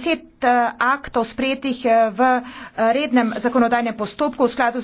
deset eh, aktov sprejetih eh, v eh, rednem zakonodajnem postopku v skladu z resolucijo o varstvu okolja.